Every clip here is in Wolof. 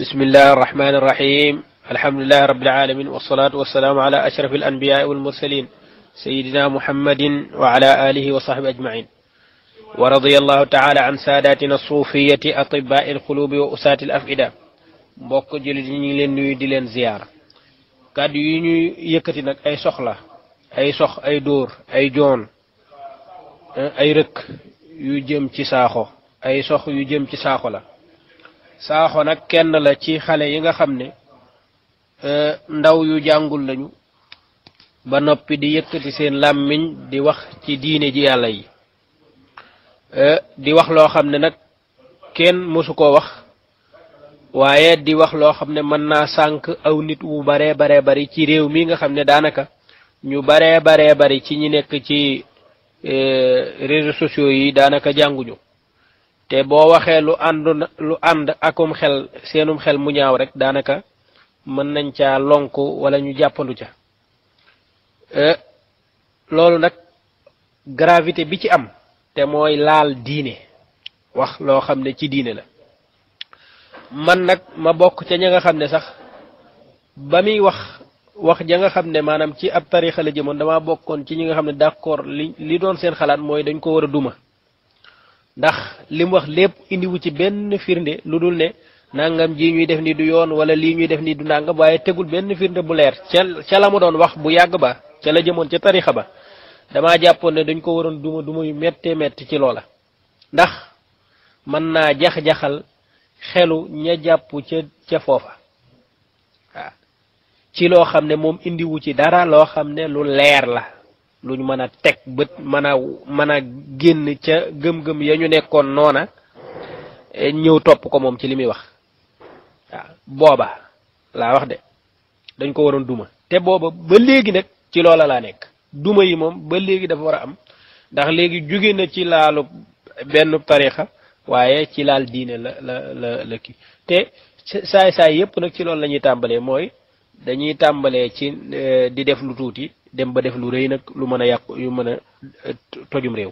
بسم الله الرحمن الرحيم الحمد لله رب العالمين والصلاة والسلام على أشرف الأنبياء والمرسلين سيدنا محمد وعلى آله وصحبه أجمعين ورضي الله تعالى عن ساداتنا الصوفية أطباء القلوب وأساة الأفئدة بوك julit لنوي leen زيارة قد leen يكتنك أي سخلة أي سخ أي دور أي جون أي رك dóor تساخو أي سخ rëkk تساخو saaxo nag kenn la ci xale yi nga xam ne e, ndaw yu jàngul lañu ba noppi di yëkkati seen làmmiñ di wax ci diine ji yàlla yi e, di wax loo xam ne nag kenn mësu koo wax waaye di wax loo xam ne mën naa sànq aw nit wu baree baree bari ci réew mi nga xam ne daanaka ñu baree baree bari ci ñi nekk ci e, réseaux sociaux yi daanaka jànguñu te boo waxee lu and lu ànd akum xel seenum xel mu ñaaw rek daanaka mën nañ caa lonku wala ñu jàppandu ca e, loolu nag gravité bi ci am te mooy laal diine wax loo xam ne ci diine la man nag ma bokk ca ña nga xam ne sax ba muy wax wax ja nga xam ne maanaam ci ab tarixa la jëmoon dama bokkoon ci ñi nga xam ne d' accord li li doon seen xalaat mooy dañ ko war a duma ndax lim wax indi wu ci benn firnde ludul ne nangam ji ñuy def ni du yoon wala li ñuy def ni du nangam waye tegul benn firnde bu leer ci la mu doon wax bu yag ba ci la jëmon ci tariixa ba dama jàppoon ne dañ ko waron duma duma yu metti metti ci loola ndax man na jax-jaxal xelu ña japp ci ci fofa ci lo xamne mom indi wu ci dara lo xamne lu leer la luñ mën a teg bët mën a mën a génn ca gëm-gëm ya ñu nekkoon noona e, ñëw topp ko moom ci li muy wax waaw booba laa wax de dañ ko waroon duma te booba ba léegi nag ci loola laa nekk duma yi moom ba léegi dafa war a am ndax léegi jóge na ci laalu benn tarixa waaye ci laal diine la la la la te saay saay yépp nag ci loolu lañuy tàmbalee mooy dañuy tàmbalee ci e, di def lu tuuti dem ba def lu rëy nag lu mën a yàqu yu mën a eh, tojum réew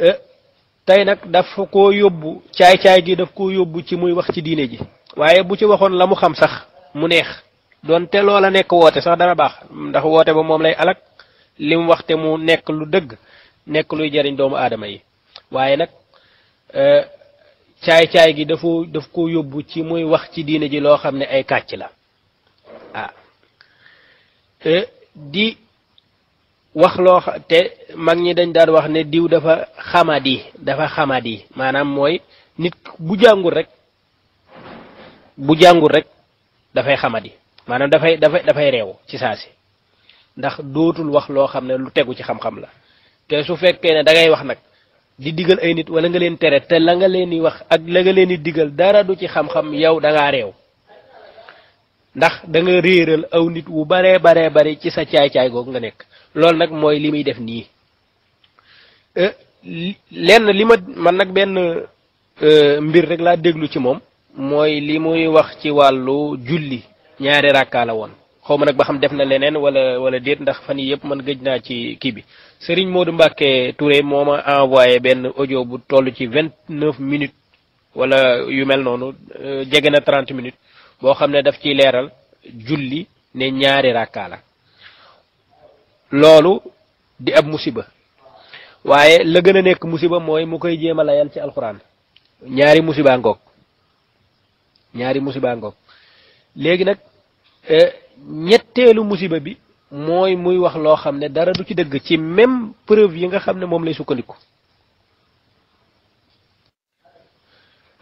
eh, tey nag dafa ko yóbbu caay-caay gi daf ko yóbbu ci muy wax ci diine ji waaye bu ci waxoon la mu xam sax mu neex doonte loola nekk woote sax dana baax ndax woote ba moom lay alag li mu wax te mu nekk lu dëgg nekk luy jariñ doomu aadama yi waaye nag eh, caay-caay gi dafa daf ko yóbbu ci muy wax ci diine ji loo xam ne ay kàcc la Eh, di wax loo te mag ñi dañ daan wax ne diw dafa xamadi dafa xamadi maanaam mooy nit bu jàngul rek bu jàngul rek dafay xamadi maanaam dafay dafay dafay réew ci saasi ndax dootul wax loo xam ne lu tegu ci xam-xam la te su fekkee ne da ngay wax nag di digal ay nit wala nga leen tere te la nga leen di wax ak la nga leen di digal dara du ci xam-xam yow da reew ndax danga nga réeral aw nit wu baree baree bare ci sa caay-caay googu nga nekk loolu nag mooy li muy def nii euh, lenn li ma man nag benn euh, mbir rek laa déglu ci moom mooy li muy wax ci wàllu julli ñaari rakkaa la woon xaw ma nag ba xam def na leneen wala wala déet ndax fa yi yëpp man gëj naa ci kii bi Serigne Modou Mbacke Touré moo ma envoyé benn ojo bu toll ci vingt neuf minutes wala yu mel noonu euh, jege na trente minutes bo xamne daf ci leral julli ne ñaari rakala lolu di ab musiba waye le gën nek musiba moy mu koy jema layal ci alquran ñaari musiba ngok ñaari musiba ngoog léegi nag e, ñettelu musiba bi moy muy wax lo xamne dara du ci deug ci même preuve yi nga xamne mom lay sukkandiku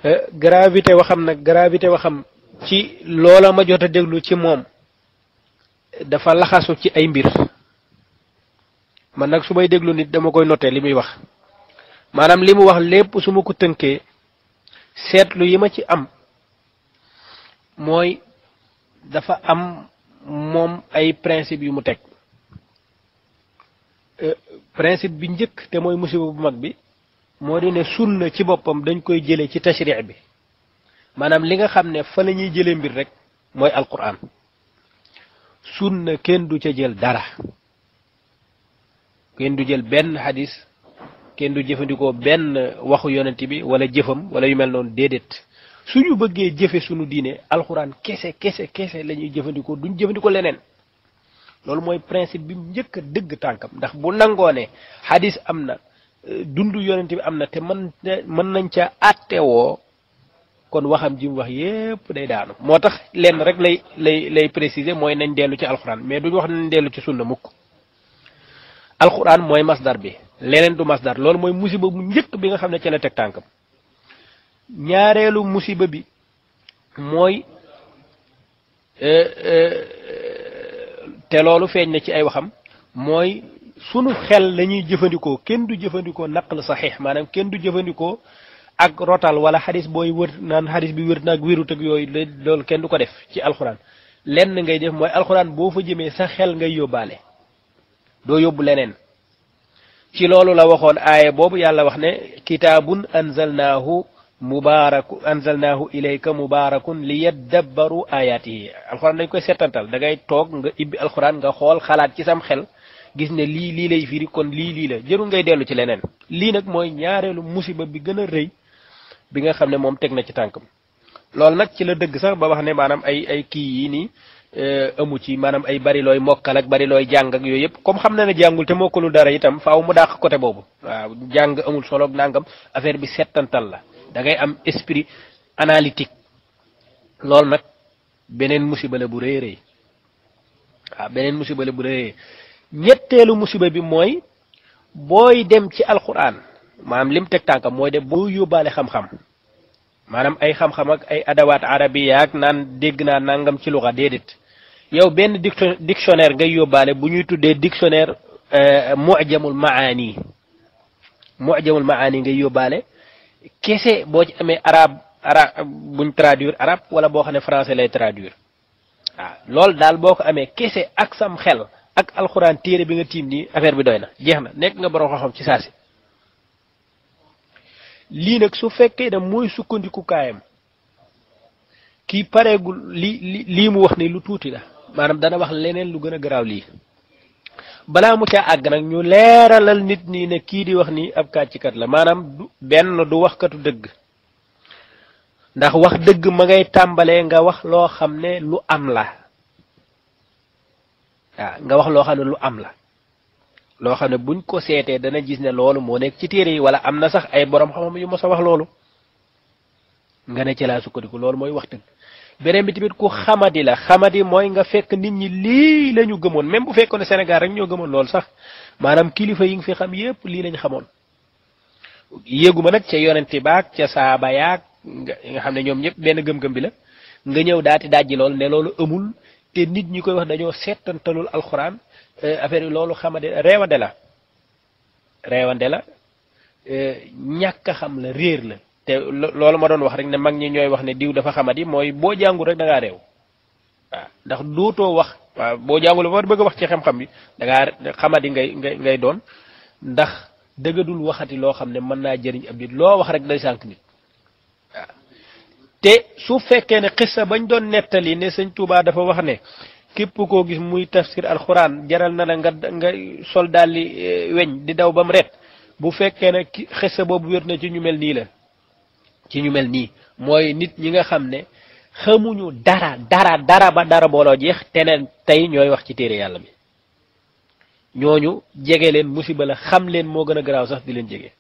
e, gravité waxam nak gravité waxam ci loola ma jot a déglu ci moom dafa laxasu ci ay mbir man nag su may déglu nit dama koy nottee li muy wax maanaam li mu wax lépp su ma ko tënkee seetlu yi ma ci am mooy dafa am moom ay principe yu mu teg euh, principe bi njëkk te mooy musiba bu mag bi moo di ne sunna ci boppam dañ koy jëlee ci tashriix bi maanaam li nga xam ne fa la ñuy jëlee mbir rek mooy sun na kenn du ca jël dara kenn du jël benn hadis kenn du jëfandikoo benn waxu yonent bi wala jëfam wala yu mel noonu déedéet suñu bëggee jëfe sunu diine alxuraan kese kese kese lañuy ñuy jëfandikoo duñ jëfandikoo leneen loolu mooy principe bi njëkk a dëgg tànkam ndax bu nangoo ne hadis am na dund yonent bi am na te mën mën nañ ca àttewoo kon waxam ji mu wax yépp day daanu moo tax lenn rek lay lay lay préciser mooy nañ dellu ci alxuraan mais duñu wax nañ dellu ci sunna mukk alxuraan mooy masdar bi leneen du masdar loolu mooy musiba bu njëkk bi nga xam ne ci la teg tànkam ñaareelu bi mooy euh, euh, te loolu feeñ na ci ay waxam mooy sunu xel lañuy jëfandikoo kenn du jëfandikoo la saxiix maanaam kenn du jëfandikoo ak rotal wala xadis booy wër naan xadis bi wër naag wérut ak yooyu lool kenn du ko def ci alxuraan lenn ngay def mooy alxuraan boo fa jëmee sa xel ngay yóbbaale doo yóbbu leneen ci loolu la waxoon aaya boobu yàlla wax ne kitaabun anzalnaahu mubaraku anzalnaahu ilayka mubarakun li yaddabbaru ayaatihi alxuraan dañ koy settantal da ngay toog nga ibbi alxuraan nga xool xalaat ci sam xel gis ne lii lii lay firi kon lii lii la jërul ngay dellu ci leneen lii nag mooy ñaareelu musiba bi gën a bi nga xam ne moom teg na ci tànkam loolu nag ci la dëgg sax ba wax ne maanaam ay ay kii yi nii eh, amu ci maanaam ay barilooy looy mokkal ak bari jàng ak yooyu yëpp comme xam na ne jàngul te mokkalul dara itam faw mu dàq côté boobu waaw jàng amul solo nàngam nangam affaire bi settantal la dangay am esprit analytique loolu nag beneen musiba la bu rëy rëy waaw beneen musiba la bu rëy ñetteelu musiba bi mooy booy dem ci alxuraan maanaam lim teg tànkam mooy de bu yóbbaale xam-xam maanaam ay xam-xam ak ay adawaat arabiya ak naan dégg naa nangam ci luxa déedéet yow benn dictionnaire ngay yóbbaale bu ñuy tuddee dictionnaire euh, mujamul maani mujamul maani ngay yóbbaale kese boo ci amee arab arab buñ traduire arab wala boo xam ne français lay traduire waaw loolu daal boo ko amee kese ak sam xel ak alxuraan téere bi nga tiim nii affaire bi doy na jeex na nekk nga borom xam-xam ci saasi lii nag su fekkee dem mooy sukkandikukaayam kaayam kii pareegul li lii mu wax ni lu tuuti la maanaam dana wax leneen lu gën a garaaw lii balaa mu caa àgg nag ñu leeralal nit ñi ne kii di wax nii ab kàccikat la maanaam du benn du waxkatu dëgg ndax wax dëgg ma ngay tàmbalee nga wax loo xam ne lu am la waaw nga wax loo xam ne lu am la loo xam ne buñ ko seetee dana gis ne loolu moo nekk ci téere yi wala am na sax ay borom xam-xam yu mos sa wax loolu nga ne ci laa sukkandiku loolu mooy wax dëgg beneen bi tamit ku xamadi la xamadi mooy nga fekk nit ñi lii la ñu gëmoon même bu fekkoon ne Sénégal rek ñoo gëmoon loolu sax maanaam kilifa yi nga fi xam yépp lii lañ xamoon yéeguma nag ca yonenti baak ca saaba yaak nga xam ne ñoom ñëpp benn gëm-gëm bi la nga ñëw daati dajji lool ne loolu amul te nit ñi koy wax dañoo seetantalul alxuraan Eh, affaire yi loolu xamade reewande la reewande la eh, ñàkk xam la réer la te loolu ma doon wax rek ne mag ñi ñooy wax ne diw dafa xamadi mooy boo jàngul rek dangaa ngaa réew ndax dootoo wax boo jàngul ba bëgg a wax ci xam-xam bi da xamadi ngay ngay doon ndax dëggadul waxati loo xam ne mën naa jëriñ ab nit loo wax rek day sànq nit te su fekkee ne xissa bañ doon nettali ne sëñ Tuubaa dafa wax ne képp koo gis muy tafsir alquran jaral na la nga nga sol dali eh, weñ di daw bam ret bu fekkee ne xissa boobu wér na ci ñu mel nii la ci ñu mel nii mooy nit ñi nga xam ne xamuñu dara dara dara ba dara booloo jeex teneen tey ñooy wax ci téere yàlla bi ñooñu jege leen musiba la xam leen moo gën a sax di leen jege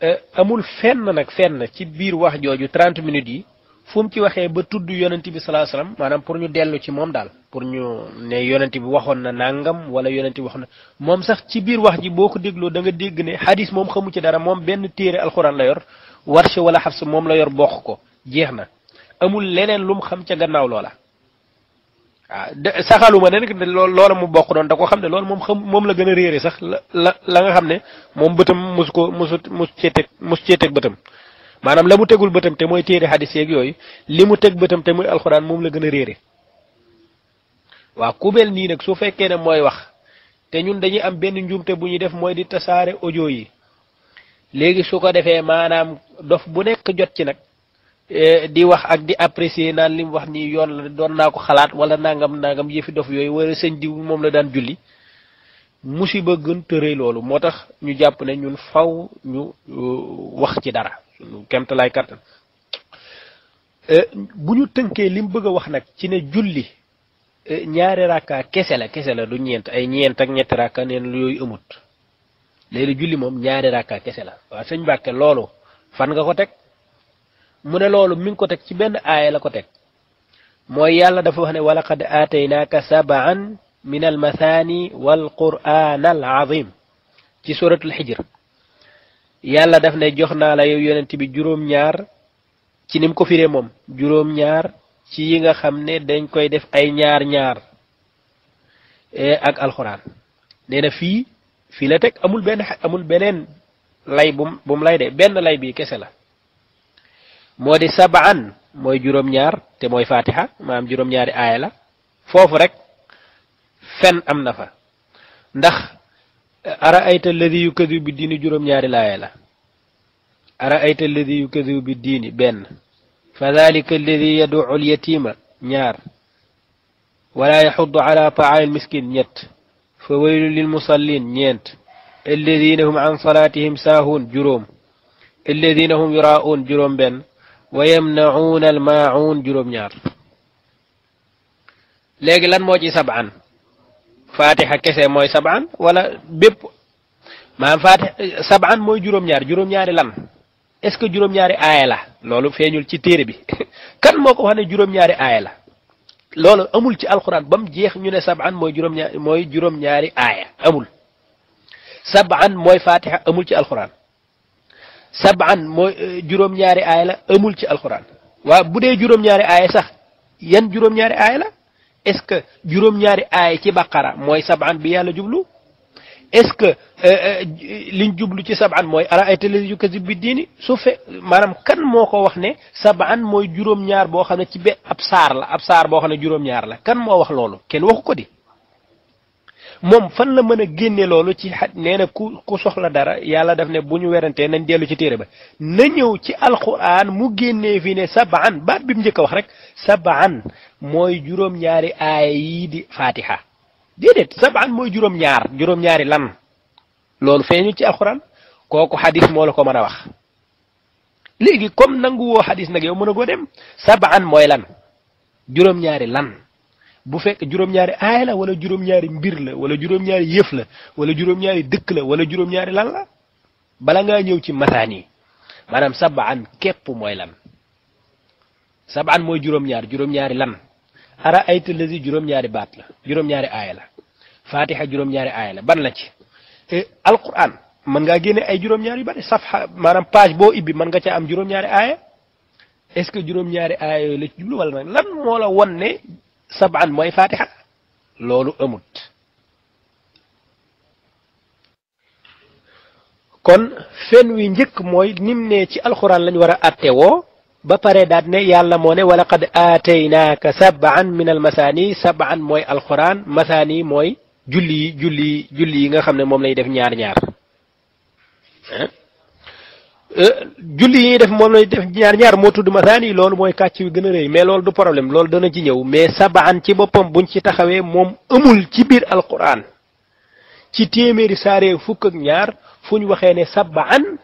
eh, amul fenn nag fenn ci biir wax jooju 30 minutes yi fu mu ci waxee ba tudd yonent bi salaa salaam maanaam pour ñu dellu ci moom daal pour ñu ne yonent bi waxoon na nangam wala yonanti bi waxoon na moom sax ci biir wax ji boo ko dégloo da nga dégg ne xadis moom xamu ci dara moom benn téere alxuraan la yor warshe wala xafs moom la yor bokk ko jeex na amul leneen lu mu xam ca gannaaw loola. waaw ah, de saxaluma ne nag loola mu bokk doon da ko xam ne loolu moom xam moom la gën a réere sax la la la nga xam ne moom bëtam mos ko mosut mos cee teg mos cee maanaam la mu tegul bëtam te mooy téere xadis yeeg yooyu li mu teg bëtam te muy alxuraan moom la gën a réere waaw ku nii nag su fekkee ne mooy wax te ñun dañuy am benn njuumte bu ñuy def mooy di tasaare ojo yi léegi su ko defee maanaam dof bu nekk jot ci nag e, di wax ak di apprécier naan li mu wax nii yoon la doon naa ko xalaat wala nangam nangam yëfi dof yooyu wala sëñ diw moom la daan julli musiba gën tërëy loolu moo tax ñu jàpp ne ñun faw ñu e, wax ci dara lu kemtalaay kàttan eh, bu ñu tënkee li mu bëgg a wax nag ci ne julli eh, ñaari rakka kese la kese la du ñeent ay ñeent ak ñetti rakka neen lu yooyu amut léegi julli moom ñaari rakka kese la waaw sëñ Mbàkke loolu fan nga ko teg mu ne loolu mi ngi ko teg ci benn aaya la ko teg mooy yàlla dafa wax ne walaqad aataynaaka sabaan min al mathani wal quraan al azim ci suratul xijr yàlla daf ne jox naa la yow yonent bi juróom-ñaar ci ni mu ko fiire moom juróom-ñaar ci yi nga xam ne dañ koy def ay ñaar-ñaar e, ak alxuraan nee na fii fii la teg amul benn amul beneen lay bu mu lay de benn lay bii kese la moo di sabaan mooy juróom-ñaar te mooy fatiha maam juróom-ñaari aaya la foofu rek fenn am na fa ndax أرأيت الذي يكذب بالدين جرم نار لا يلا أرأيت الذي يكذب بالدين بن فذلك الذي يدعو اليتيم نيار ولا يحض على طعام المسكين نيت فويل للمصلين نيت الذين هم عن صلاتهم ساهون جروم الذين هم يراؤون جروم بن ويمنعون الماعون جروم نار لكن لن موجي سبعا fatiha kese mooy sabaan wala bépp maanaam fatiha sabaan mooy juróom-ñaari juróom-ñaari lan est ce que juróom-ñaari aaya la loolu feeñul ci téere bi kan moo ko wax ne juróom-ñaari aaya la loolu amul ci alxuraan ba mu jeex ñu ne sabaan mooy juróom-ñaari mooy juróom-ñaari aaya amul sabaan mooy fatiha amul ci alquran sabaan mooy euh, juróom-ñaari aaya la amul ci alquran waaw bu dee juróom-ñaari aaya sax yan juróom-ñaari aaya la est-ce que juróom-ñaari aay ci baqara mooy sab'an bi yàlla jublu est-ce que euh, euh, liñ jublu ci sab'an mooy araayta lazi yukazib bi diini su fe maanaam kan moo ko wax ne sabaan mooy juróom-ñaar boo xam ne ci be ab saar la ab saar boo xam ne juróom-ñaar la kan moo wax loolu kenn waxu ko di moom fan la mën a génne loolu ci xaj nee ku ku soxla dara yàlla daf ne bu ñu werantee nañ dellu ci téere ba na ñëw ci alquran mu génnee fi ne sab'an baat bi mu njëkk a wax rek mooy juróom-ñaari aaya yii di fatiha déedéet sabaan mooy juróom-ñaar juróom-ñaari lan loolu feeñu ci alxuraan kooku xadis moo la ko mën a wax léegi comme nangu woo xadis nag yow mën a goo dem sabaan mooy lan juróom-ñaari lan bu fekk juróom-ñaari wala juróom mbir la wala juróom-ñaari la wala juróom dëkk la wala juróom lan bala ngaa ñëw ci masaan yi maanaam sabaan kepp mooy lan sabaan mooy juróom-ñaar juróom-ñaari lan ara ayta lazi juróom-ñaari baat la juróom-ñaari aaya la fatiha juróom-ñaari aaya la ban la ci e, alquran mën nga génne ay juróom-ñaari yu bari safha maanaam page boo ibbi mën nga caa am juróom-ñaari aaya est-ce que juróom-ñaari aaya la ci jublu wala lan moo la won ne sabaan mooy fatiha loolu amut kon fen wi njëkk mooy nim ne ci alxuraan lañ war a àtte woo ba pare daat ne yàlla moo ne wala qad aataynaaka sab'an min almasaani sab'an mooy alquran masaani mooy julli yi julli yi julli yi nga xam ne moom lay def ñaar ñaar eh? Eh, julli yi def moom lay def ñaar ñaar moo tudd masaani loolu mooy kàcc wi gën a rëy mais loolu du problème loolu dana ci ñëw mais sabaan ci boppam buñ ci taxawee moom amul ci biir alquran ci téeméeri saaree fukk ak ñaar fu ñu waxee ne sabaan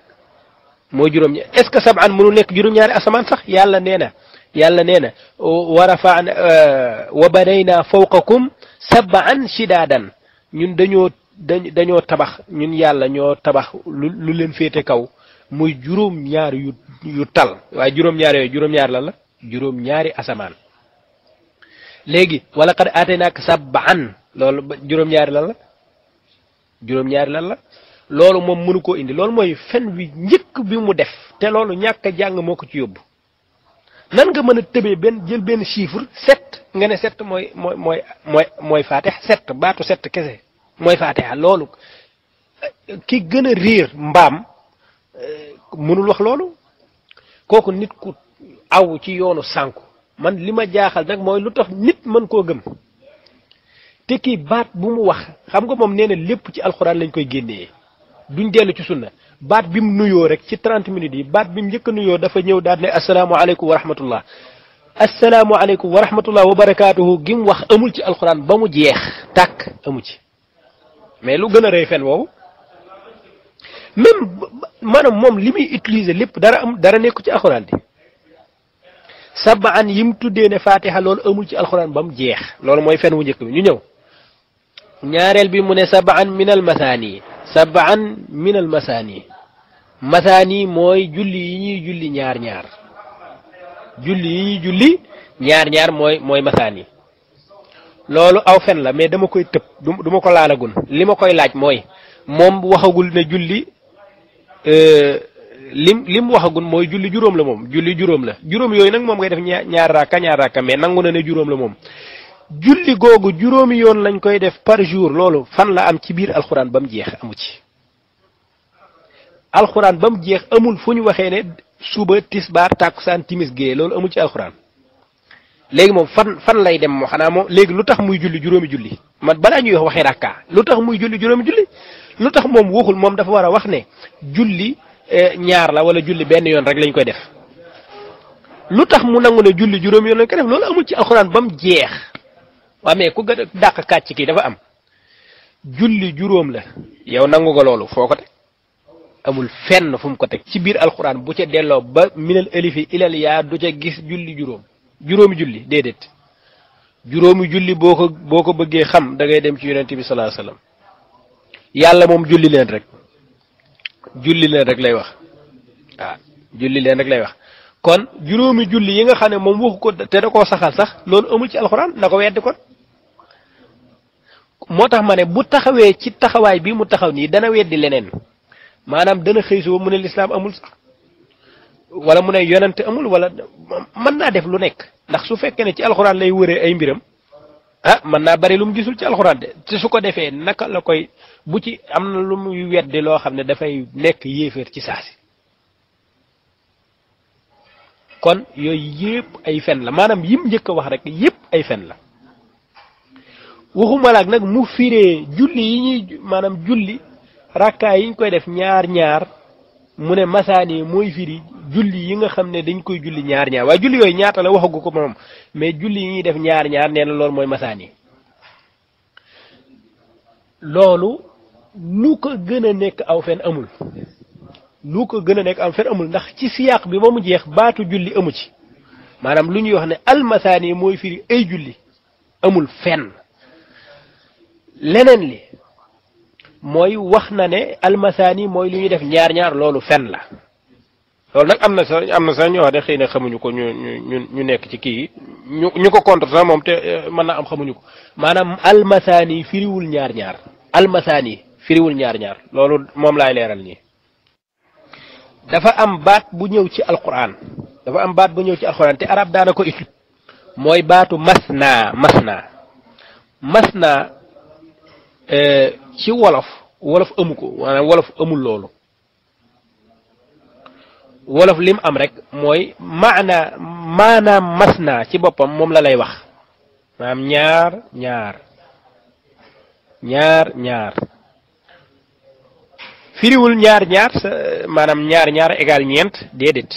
mooy juróom est-ce que sab'an mënu nekk juróom-ñaari asamaan sax yàlla nee na yàlla nee na wa rafa'na euh, wa banaynaa fawqakum sab'an shidaadan ñun dañoo dañoo tabax ñun yàlla ñoo tabax lu lu leen féete kaw muy juróom-ñaar yu yu tal waaye juróom-ñaar yooyu juróom-ñaar lan la juróom-ñaari asamaan léegi wala qad aataynaaka sab'an loolu juróom-ñaari lan la juróom-ñaari lan la loolu moom mënu koo indi loolu mooy fen wi njëkk bi mu def te loolu ñàkk jàng moo ko ci yóbbu nan nga mën a tëbee benn jël benn chiffre sept nga ne sept mooy mooy mooy mooy mooy faatiha sept baatu sept kese mooy faatiha loolu ki gën a réer mbaam euh, mënul wax loolu kooku nit ku aw ci yoonu sànku man li ma jaaxal nag mooy lu tax nit mën koo gëm te kii baat bu mu wax xam nga moom nee lépp ci alxuraan lañ koy génnee duñ dellu ci sunna baat bi mu nuyoo rek ci 30 minutes yi baat bi mu njëkk nuyoo dafa ñëw daal ne asalaamaaleykum wa rahmatullah asalaamaaleykum wa rahmatullah wa barakaatuhu gi mu wax amul ci alxuraan ba mu jeex tàkk amu ci mais lu gën a rëy fen woowu même maanaam moom li muy utiliser lépp dara am dara nekku ci alxuraan bi sabaan yi mu tuddee ne fatiha loolu amul ci alxuraan ba mu jeex loolu mooy fen wu njëkk bi ñu ñëw ñaareel bi mu ne sabaan min al mathani sab'an min al masaani masaani mooy julli yi ñuy julli ñaar ñaar julli yi ñuy julli ñaar ñaar mooy mooy masaani loolu aw fen la mais dama koy tëb du ma ko laalagun li ma koy laaj mooy moom waxagul ne julli euh, lim lim waxagul mooy julli juróom la moom julli juróom la juróom yooyu nag moom ngay def ñaar ñaar raaka ñaar raaka mais nangu na ne juróom la moom julli googu juróomi yoon lañ koy def par jour loolu fan la am ci biir alxuraan ba mu jeex amu ci alxuraan ba mu jeex amul fu ñu waxee ne suba tisbaar tàkkusaan timis géeye loolu amul ci alxuraan léegi moom fan fan lay dem moo xanaa moom léegi lu tax muy julli juróomi julli man balaa ñuy wax waxi rakka lu tax muy julli juróomi julli lu tax moom waxul moom dafa war a wax ne julli eh, ñaar la wala julli benn yoon rek lañ koy def lu tax mu nangu ne julli juróomi yoon lañ koy def loolu amul ci alxuraan ba mu jeex waa mais ku dàq kàcc kii dafa am julli juróom la yow nangu nga loolu foo ko teg amul fenn fu mu ko teg ci biir alxuraan bu ca delloo ba minal alifi ilal yaa du ca gis julli juróom juróomi julli déedéet juróomi julli boo ko boo ko bëggee xam dangay dem ci yonent bi salaa salaam yàlla moom julli leen rek julli leen rek lay wax waaw julli leen rek lay wax kon juróomi julli yi nga xam ne moom waxu ko te da koo saxal sax loolu amul ci alxuraan na ko weddi kon motax mané bu taxawé ci taxaway bi mu taxaw ni dana weddi lenen manam dana xeyso mu ne l'islam amul wala mu ne yonenté amul wala man na def lu nek ndax su fekkee ne ci alcorane lay wéré ay mbiram ah man na bari lu mu gisul ci alcorane de ci su ko defee naka la koy bu ci amna lu mu weddi lo xamné da fay nek yéfer ci sasi kon yoy yépp ay fen la manam yim njëkk wax rek yépp ay fen la waxuma laag nag mu firee julli yi ñuy maanaam julli rakkaay yi ñu koy def ñaar ñaar mu ne masaani mooy firi julli yi nga xam ne dañ koy julli ñaar ñaar waaye julli yooyu ñaata la waxagu ko moom mais julli yi ñuy def ñaar ñaar nee na loolu mooy masaani loolu lu ko gën a nekk aw fen amul lu ko gën a nekk aw fen amul ndax ci siyaaq bi ba mu jeex baatu julli amu ci maanaam lu ñuy wax ne almasaani mooy firi ay julli amul fenn leneen li mooy wax na ne almasaani mooy lu ñuy def ñaar-ñaar loolu fen la loolu nag am na sax am na sax ñoo ne xëy na xamuñu ko ñu ñu ñu nekk ci kii ñu ñu ko contre sax moom te eh, mën naa am xamuñu ko maanaam almasaani firiwul ñaar-ñaar almasaani firiwul ñaar-ñaar loolu moom laay leeral nii dafa am baat bu ñëw ci alquran dafa am baat bu ñëw ci alquran te arab daana ko mooy baatu masna masna masna Eh, ci wolof wolof amu ko maanaam wolof amul loolu wolof lim am rek mooy maana maanaam mas naa ci boppam moom la lay wax maanaam ñaar ñaar ñaar ñaar firiwul ñaar ñaar maanaam ñaar ñaar égal ñeent déedéet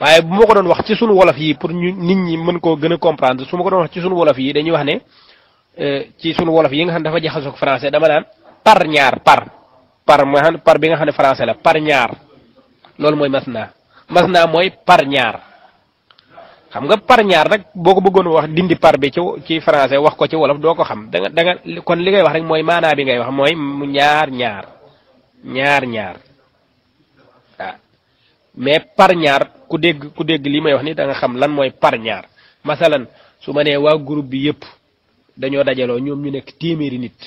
waaye bu ma ko doon wax ci sunu wolof yi pour nit ñi mën koo gën a comprendre su ma ko doon wax ci sunu wolof yi dañuy wax ne Eh, ci sunu wolof yi nga xam dafa jaxasoog français dama naan par ñaar par par ma xam par bi nga xam ne français la par ñaar loolu mooy masna masna mooy par xam nga par ñaar boo ko bëggoon wax dindi par bi ci ci français wax ko ci wolof doo ko xam da nga da nga kon li ngay wax rek mooy maanaa bi ngay wax mooy ñaar ñaar ñaar ñaar waaw mais par ñaar ku dégg ku dégg li may wax nii da nga xam lan mooy par ñaar masalan su ma waa groupe bi yëpp dañoo dajaloo ñoom ñu nekk téeméeri nit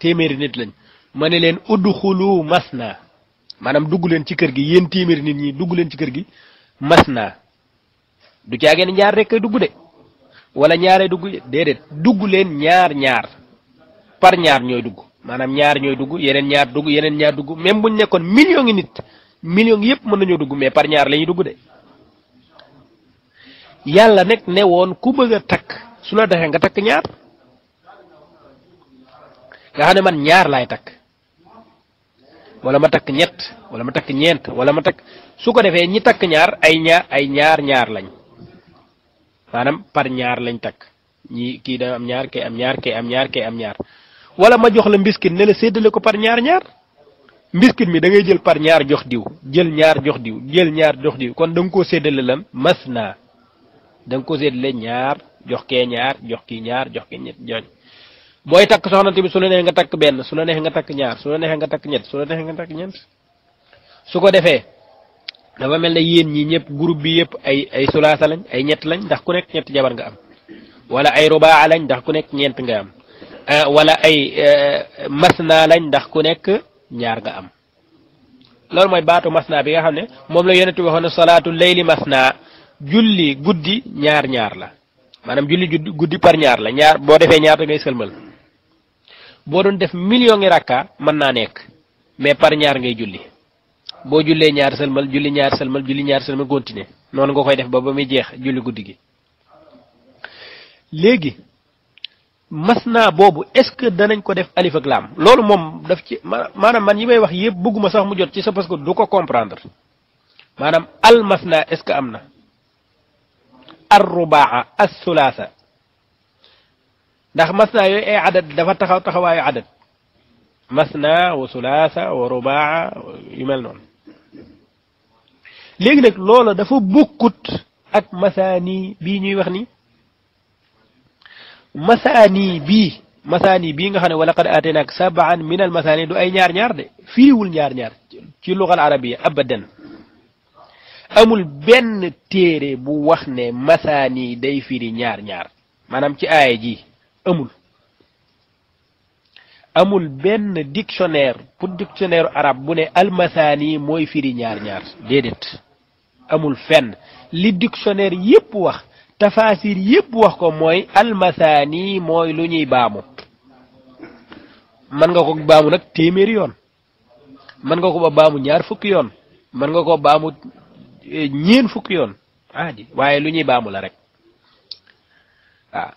téeméeri nit lañ ma ne leen mas masna maanaam dugg leen ci kër gi yéen téeméeri nit ñi dugg leen ci kër gi mas masna du caageen ñaar rek kay dugg de wala ñaaree dugg déedéet dugg leen ñaar ñaar par ñaar ñooy dugg maanaam ñaar ñooy dugg yeneen ñaar dugg yeneen ñaar dugg même buñ nekkoon million ngi nit million yëpp mën nañoo dugg mais par ñaar la ñuy dugg de yàlla nag ne woon ku bëgg a takk sula la nga tak ñaar nga xane man ñaar lay tak, wala ma tak ñett wala ma tak ñent wala ma tak suko defé ñi tak ñaar ay ñaar ay ñaar ñaar lañ manam par ñaar lañ tak ñi ki da am ñaar ke am ñaar ke am ñaar ke am ñaar wala ma jox la mbiskin ne la ko par ñaar ñaar mbiskin mi da ngay jël par ñaar jox diw jël ñaar jox diw jël ñaar jox diw kon dang ko koo lan masna dang ko ñaar jox kee ñaar jox kii ñaar jox kii ñett ñooñ booy takk soxna bi su la neex nga takk benn su la neex nga takk ñaar su la neex nga takk ñett su nga takk ñeent su ko defee dafa mel ne yéen ñi ñëpp groupe bi yëpp ay ay sulaasa lañ ay ñett lañ ndax ku nekk ñett jabar nga am wala ay lañ ndax ku nekk ñeent nga am euh, wala ay euh, masna lañ ndax ku nekk ñaar am loolu mooy baatu masna bi nga xam ne moom la yonent bi waxoon ne salaatu layli masna julli guddi ñaar ñaar la manam julli guddi par ñaar la ñaar bo defé ñaar ngay selmal bo doon def million ngi rakka man na nek mais par ñaar ngay julli bo julle ñaar selmal julli ñaar selmal julli ñaar selmal continue non nga koy def ba ba muy jeex julli guddi gi legi masna bobu est ce que danañ ko def alif ak lam lolou mom daf ci manam man yimay wax yeb bëgguma sax mu jot ci sa parce que du ko comprendre manam al masna est ce que amna الرباع الثلاثة داخ مثنى اي عدد دفع تخوى تخوى اي عدد مثنى وثلاثة ورباع يمال نون ليك لك لولا دفو بوكوت اك مثاني بي ني وخني مثاني بي مثاني بي نخاني ولقد آتيناك سبعا من المثاني دو اي نيار نيار دي فيه ول نيار تي اللغة العربية أبداً amul benn téere bu wax ne masaani day firi ñaar ñaar maanaam ci aaya ji amul amul benn dictionnaire pour dictionnaire arabe bu ne almasaani mooy firi ñaar ñaar déedéet amul fenn li dictionnaire yépp wax tafaasir yépp wax ko mooy almasaani mooy lu ñuy baamu mën nga ko baamu nag téeméeri yoon mën nga ko nga ko baamu ñiin fukki yoon ah waaye lu ñuy baamu la rek waaw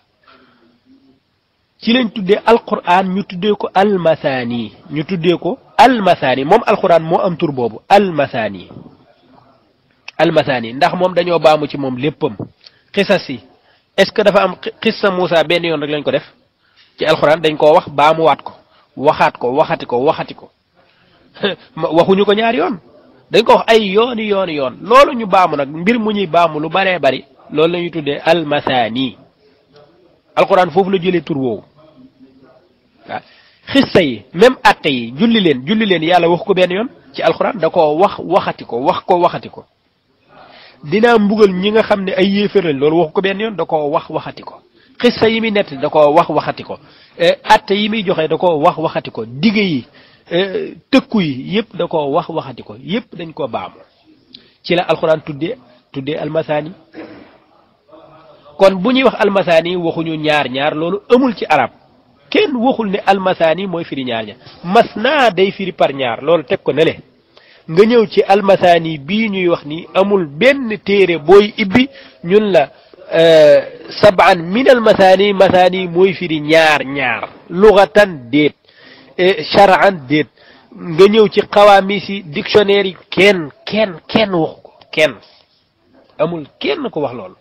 ci lañ tuddee alquran ñu tuddee ko almasaani ñu tuddee ko almasaani moom alquran moo am tur boobu almasaani almasaani ndax moom dañoo baamu ci moom léppam xisas yi est ce que dafa am xissa Moussa benn yoon rek lañ ko def ci alquran dañ koo wax baamuwaat ko waxaat ko waxati ko waxati waxuñu ko ñaari yoon. dañ ko wax ay yooni yooni yoon loolu ñu baamu nag mbir mu ñuy baamu lu baree bari loolu la ñuy tuddee almasaani alquran foofu la jëlee tur woowu waaw xista yi même atte yi julli leen julli leen yàlla wax ko benn yoon ci alquran da koo wax waxati ko wax ko waxati ko dinaa mbugal ñi nga xam ne ay yéefar lañ loolu wax ko benn yoon da koo wax waxati ko xista yi muy nett da koo wax waxati ko eh, atte yi muy joxe da ko wax waxati ko digg yi Eh, tëkku yi yëpp da ko wax waxati ko yëpp dañ koo baamu ci la alxuraan tudde tuddee almasaani kon bu ñuy wax almasaani waxuñu ñaar ñaar loolu amul ci arab kenn waxul ne almasaani mooy firi ñaar naa day firi par ñaar teg ko nga ñëw ci almasaani bii ñuy wax ni amul benn téere booy ibbi ñun la eh, sabaan min almasaani masaani mooy firi ñaar ñaar lugatan déet charan eh, déet nga ñëw ci xawaamis yi dictionnaire yi kenn kenn kenn waxu ko kenn amul kenn ko wax loolu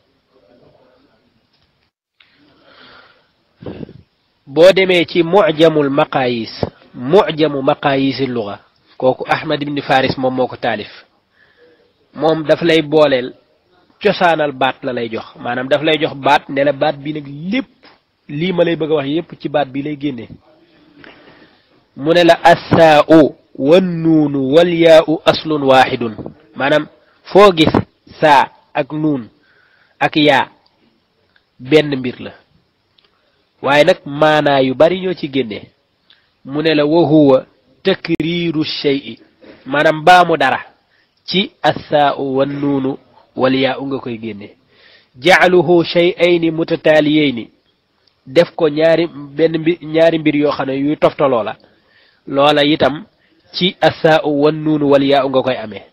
boo demee ci mujamul maqayis mujamu maqayisi luga kooku ahmad ibni moom moo ko taalif moom daf lay booleel cosaanal baat la lay jox maanaam daf lay jox baat ne la baat bi nag lépp lii ma lay bëgg a wax yépp ci baat bi lay génnee mu ne la assaa'u wan nuunu wal yaa'u aslun waaxidun maanaam foo gis saa ak nuun ak yaa benn mbir la waaye nag maanaa yu bari ñoo ci génne mu ne la wa huwa takriiru shay'i maanaam baamu dara ci assaa'u wan nuunu wal nga koy génnee jaaluhu shay'ayni mutataaliyayni def ko ñaari benn mbir ñaari mbir yoo xam ne yuy toftaloo la loola itam ci asaa u wan nuunu wal nga koy amee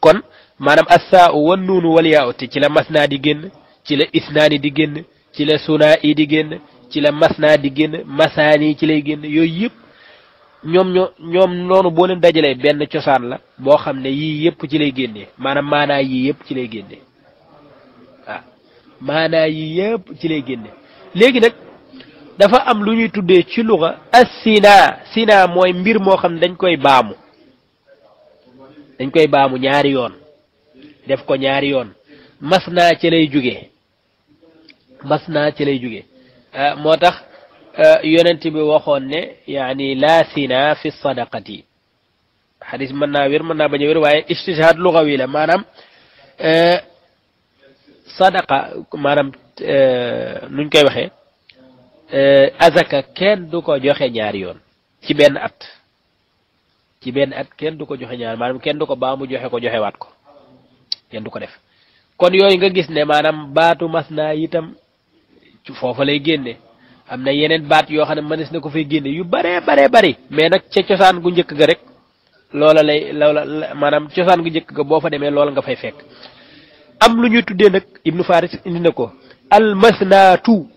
kon maanaam asaa u wan nuunu wal te ci la masnaa di génn ci la isnaani di génn ci la sunaa i di génn ci la masnaa di génn masaani ci lay génn yooyu yëpp ñoom ñoom noonu boo leen dajalee benn cosaan la boo xam ne yii yëpp ci lay génne maanaam maanaa yii yëpp ci lay génnee waaw maanaa ci lay génne léegi nag dafa am lu ñuy tuddee ci luxa assina sina mooy mbir moo xam ne dañ koy baamu dañ koy baamu ñaari yoon def ko ñaari yoon mas naa ci lay jóge mas naa ci lay jóge ah, moo tax ah, yonent bi waxoon ne yaani la sina fi sadaqati xadis mën naa wér mën naa bañ wir wér waaye istishhaad luxawi la maanaam ah, sadaqa maanaam nuñ koy waxee Euh, azaka kenn du ko joxe ñaari yoon ci benn at ci benn at kenn du ko joxe ñaar maanaam kenn du ko baa mu joxe ko joxewaat ko kenn du ko def kon yooyu nga gis ne maanaam baatu mas naa itam ci foofa lay génne am na yeneen baat yoo xam ne mënees na ko fay génne yu baree baree bari mais nag ca cosaan gu njëkk ga rek loola lay loola maanaam cosaan gu njëkk ga boo fa demee loola nga fay fekk am lu ñuy tuddee nag ibnu faris indi na ko almasnaatu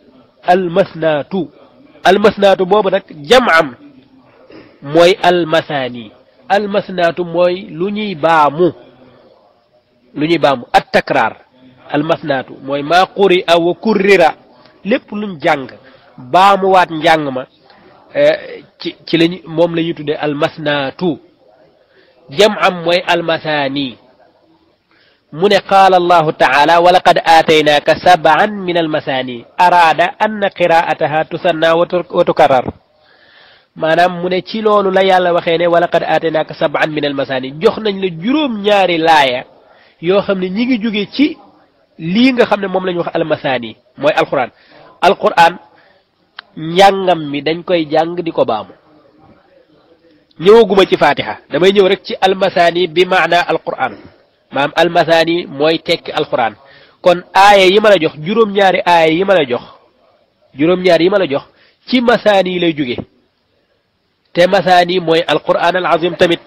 almasnaatu almasnaatu boobu nag jam am mooy almasaani almasnaatu mooy lu ñuy baamu lu ñuy baamu at takraar almasnaatu mooy maa quri a wa kurrira lépp luñ jàng baamuwaat njàng ma eh, ci ci moom la ñuy tuddee jam am mooy almasaani mu ne qaala allahu taala wa laqad aataynaaka saban min almasaani araada anna qiraataha tusanna wa tukarrar maanaam mu ne ci loolu la yàlla waxee ne wa laqad aataynaaka saban min almasaani jox nañ la juróom-ñaari laaya yoo xam ne ñi ngi jóge ci lii nga xam ne moom lañu wax wax almasaani mooy alquran alquran njàngam mi dañ koy jàng di ko baamu ñëwaguma ci fatiha damay ñëw rek ci almasaani bi maana alquran maanaam almasaani mooy tekki alxuraan kon aaya yi ma la jox juróom-ñaari aaya yi ma la jox juróom yi ma la jox ci masaani lay jóge te masaani mooy alquran al azim tamit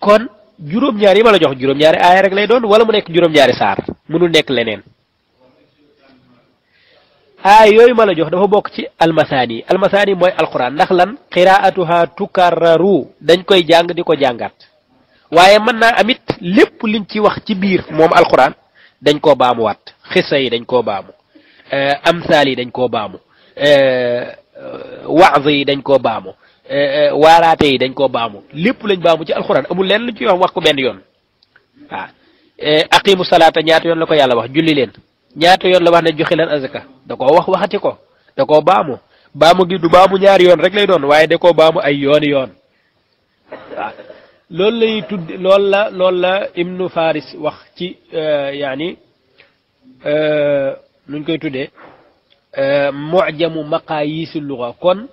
kon juróom-ñaari yi ma la jox juróom-ñaari aaya rek lay doon wala mu nekk juróom-ñaari saar mënul nekk leneen aaya yooyu ma la jox dafa bokk ci almasaani almasaani mooy alquran ndax lan qiraatuha tukarraru dañ koy jàng di ko jàngaat waaye mën naa amit lépp liñ ci wax ci biir moom alxuraan dañ koo baamuwaat xisa yi dañ koo baamu eh, amsaal yi dañ koo baamu eh, waaz yi dañ koo baamu eh, waaraate yi dañ ko baamu lépp lañ baamu ci alquran amul leen lu ci wax wax ko benn yoon waaw aqimu salaata ñaata yoon la ko yàlla wax julli leen ñaata yoon la wax ne joxe leen azaka da koo wax waxati ko da koo baamu baamu gi du baamu ñaari yoon rek lay doon waaye da koo baamu ay yoon yoon loolu lay tudd loolu la loolu la ibnu faris wax ci euh, yaani euh, nuñ koy tuddee euh, mujamu maqaayisu luga kon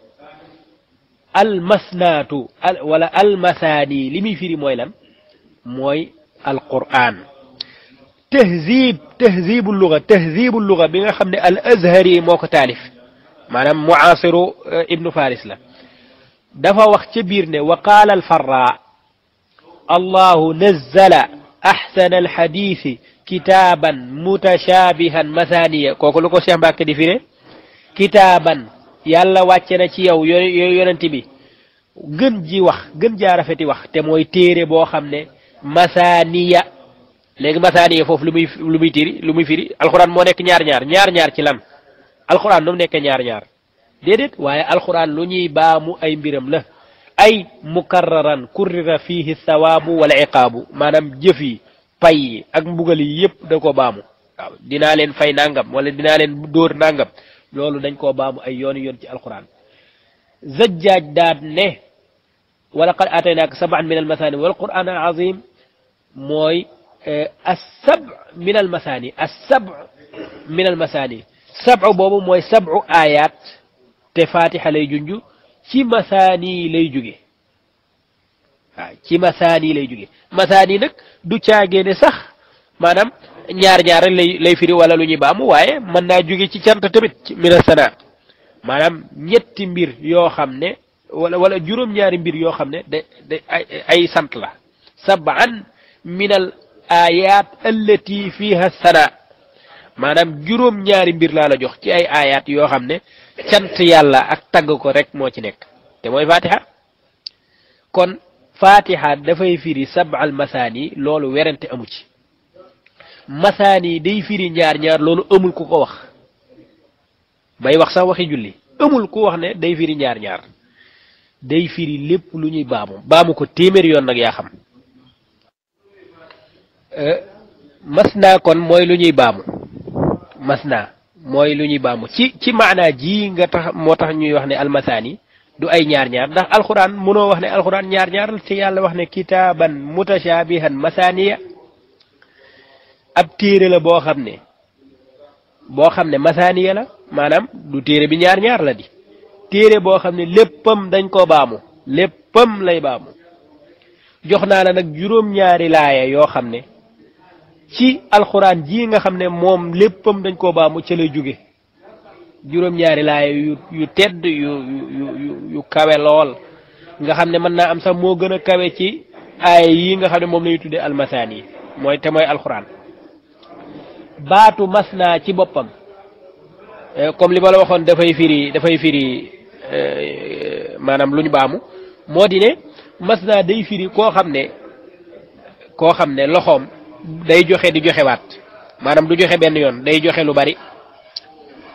almasnaatu wala almasaani li muy firi mooy lan mooy alqur'an tahzib tahzibu luga tahzibu luga bi nga xam ne al azhari moo ko taalif maanaam muasiru ibnu faris la dafa wax ca biir ne allahu nazzala ahsana alhadisi kitaaban mutashabihan mathaniya kooku lu ko Cheikh fire di firé kitaaban yàlla wàcce na ci yow yonent bi gën ji wax gën jaa rafeti wax te mooy téere boo xam ne mathaniya léegi mathaniya foofu lu muy lu muy tiri lu muy firi alxuraan moo nekk ñaar-ñaar ñaar-ñaar ci lan alxuraan lu mu nekkee ñaar-ñaar déedéet waaye alxuraan lu ñuy baamu ay mbiram la ay mukarraran kurrira fiihi sawaabu wala iqaabu maanaam jëf yi pay ak mbugal yi yëpp da ko baamu waaw dinaa leen fay nangam wala dinaa leen dóor nangam loolu dañ koo baamu ay yooni yoon ci alquran zajjaaj daat ne wala qad wal quran al azim mooy eh, assab min almasaani assab min almasaani sabu mooy sabu aayaat te fatiha lay junju ci masaani lay jóge waaw ci masaani lay jóge masaani nag du caagee ne sax maanaam ñaar ñaar rek lay lay firi wala lu ñuy baamu waaye mën naa jóge ci cant tamit mina sana maanaam ñetti mbir yoo xam ne wala wala juróom-ñaari mbir yoo xam ne da ay sant la sab'an minal ayat allati fiha sana maanaam juróom-ñaari mbir laa la jox ci ay ayat yoo xam ne cant yàlla ak tagg ko rek moo ci nekk te mooy fatiha kon fatiha dafay firi sabal masaani loolu werante amu ci masaani day firi ñaar ñaar loolu amul ku ko wax may wax sax waxi julli amul ku wax ne day firi ñaar ñaar day lépp lu ñuy baamu baamu ko téeméer yoon nag yaa xam euh, kon mooy lu ñuy baamu masna mooy lu ñuy baamu ci ci maanaa ji nga tax moo tax ñuy wax ne yi du ay ñaar-ñaar ndax alxuraan mënoo wax ne alxuraan ñaar-ñaar te yàlla wax ne kitaaban mutashaabihan masaaniya ab téere la boo xam ne boo xam ne masaaniya la maanaam du téere bi ñaar-ñaar la di téere boo xam ne léppam dañ koo baamu léppam lay baamu jox naa la nag juróom-ñaari laaya yoo xam ne ci alxuraan ji nga xam ne moom léppam dañ koo baamu ca lay jóge juróom-ñaari laay yu yu tedd yu yu yu kawe lool nga xam ne mën naa am sax moo gën a kawe ci aay yi nga xam ne moom lañuy tuddee almasaan yi mooy te mooy alxuraan baatu mas naa ci boppam eh, comme li ma la waxoon dafay firi dafay firi eh, maanaam lu ñu baamu moo di ne mas naa day firi koo xam ne koo xam ne loxoom day joxe di joxe wat manam du joxe ben yon day joxe lu bari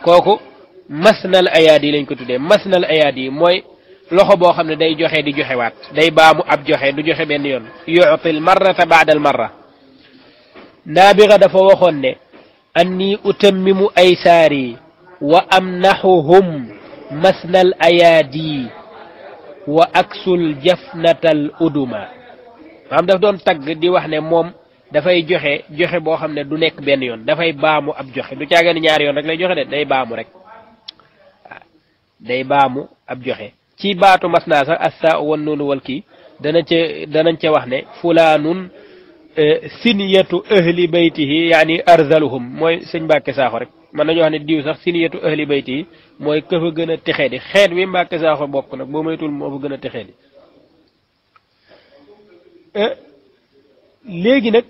koku masnal ayadi lañ ko tuddé masnal ayadi moy loxo bo xamné day joxe di joxe wat day baamu ab joxe du joxe ben yon yutil marrata ba'da al marra naabiga dafa waxon ne anni utammimu aysari wa amnahuhum masnal ayadi wa aksul jafnatal uduma maanaam daf doon tag di wax ne mom dafay joxe joxe boo xam ne du nekk benn yoon dafay baamu ab joxe du caagan ñaari yoon rek lay joxe de day baamu rek day baamu ab joxe ci baatu mas naa sax assa wan noonu wal kii dana ca danañ ca wax ne fulaanun e, siniyatu ahli baytihi yaani arzaluhum mooy sëñ Mbàkke Saaxo rek mën nañu wax ne diw sax siniyatu ahli baytihi mooy ka gën a texee di xeet wi Mbàkke Saaxo bokk nag boo moytul moo fa gën a texee léegi nag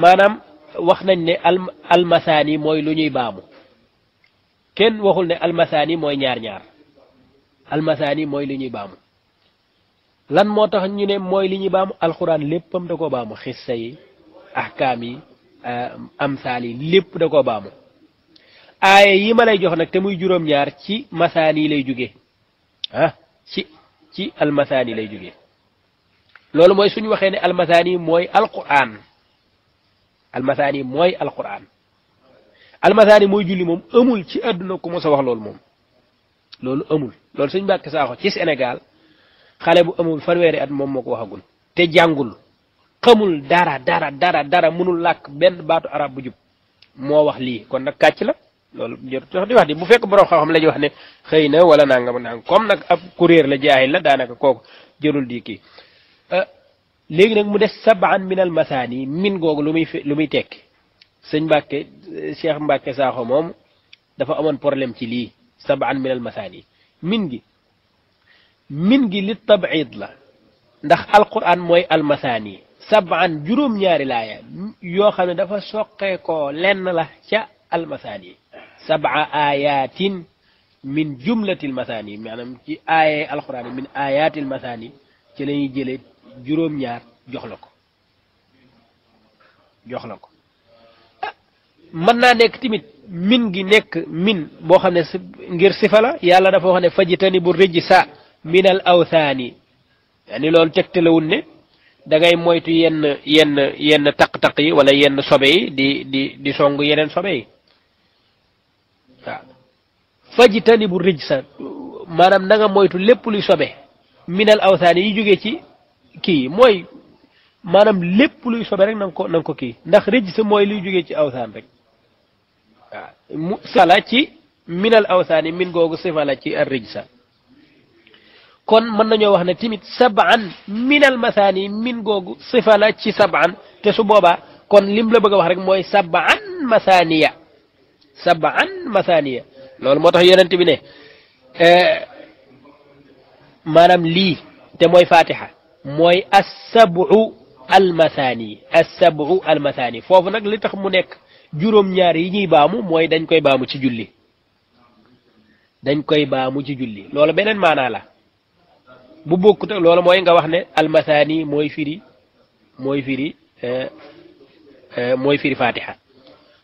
maanaam wax nañ ne al almasaani mooy lu ñuy baamu kenn waxul ne almasaani mooy ñaar-ñaar almasaani mooy lu ñuy baamu lan moo tax ñu ne mooy li ñuy baamu alxuraan léppam da ko baamu xissa yi ahkaam yi eh, amsaal yi lépp da ko baamu aaye yi ma lay jox nag te muy juróom-ñaar ci masaani lay jóge ah ci ci almasaani lay jóge loolu mooy suñu waxee ne almasaani mooy al almasaani mooy alquran almasaani mooy julli moom amul ci àdduna ku mos a wax loolu moom loolu amul loolu suñ Mbàkke Saaxo ci Sénégal xale bu amul fanweeri at moom moo ko waxagul te jàngul xamul dara dara dara dara mënul làkk benn baatu arab bu jub moo wax lii kon nag kàcc la loolu jot di wax di bu fekk borom xam-xam la ñuy wax ne xëy na wala nangam nangam comme nag ab kuréer la jaahil la daanaka kooku jërul di kii léegi nag mu des saban min al masaani min googu lu muy lu muy tekk sëñ Mbàkke Cheikh Mbàkke Saaxo moom dafa amoon problème ci lii saban min al min gi min gi li tabiid la ndax alquran mooy almasaani saban juróom-ñaari laaya yoo xam ne dafa soqeekoo lenn la ca almasaani sabaa ayatin min jumlatil masaani maanam ci aaye alquran min ayatil masaani ci lañuy ñuy juróom-ñaar jox la ko jox la ko ah, mën naa nekk tamit min gi nekk min boo xam ne ngir sifa la yàlla dafa wax ne fajitani bu rijsa min al awthaani ni loolu teg tegtalawul ne dangay moytu yenn yenn yenn taq-taq yi wala yenn sobe yi di di di song yeneen sobe yi fajitani bu rijsa maanaam na moytu lépp luy sobe min al yi jóge ci Ki, moy manam lepp luy sobe rek nang ko nang ko kii ndax rëjj sa mooy luy joge ci awsan rek sala ci minal awsan min googu sifala ci ar sa kon man nañu wax ne sab'an sabaan minal masaani min googu sifala ci sabaan te su boba kon lim la bëgg wax rek moy sabaan masaaniya sab'an masaaniya lol motax tax yonent bi ne eh, manam li te moy fatiha mooy assabu almathani assabu almathani foofu nag li tax mu nekk juróom-ñaar yi ñuy baamu mooy dañ koy baamu ci julli dañ koy baamu ci julli loolu beneen maanaa la bu bokkut ak loolu mooy nga wax ne almathani mooy firi mooy firi eh, eh, mooy firi fatiha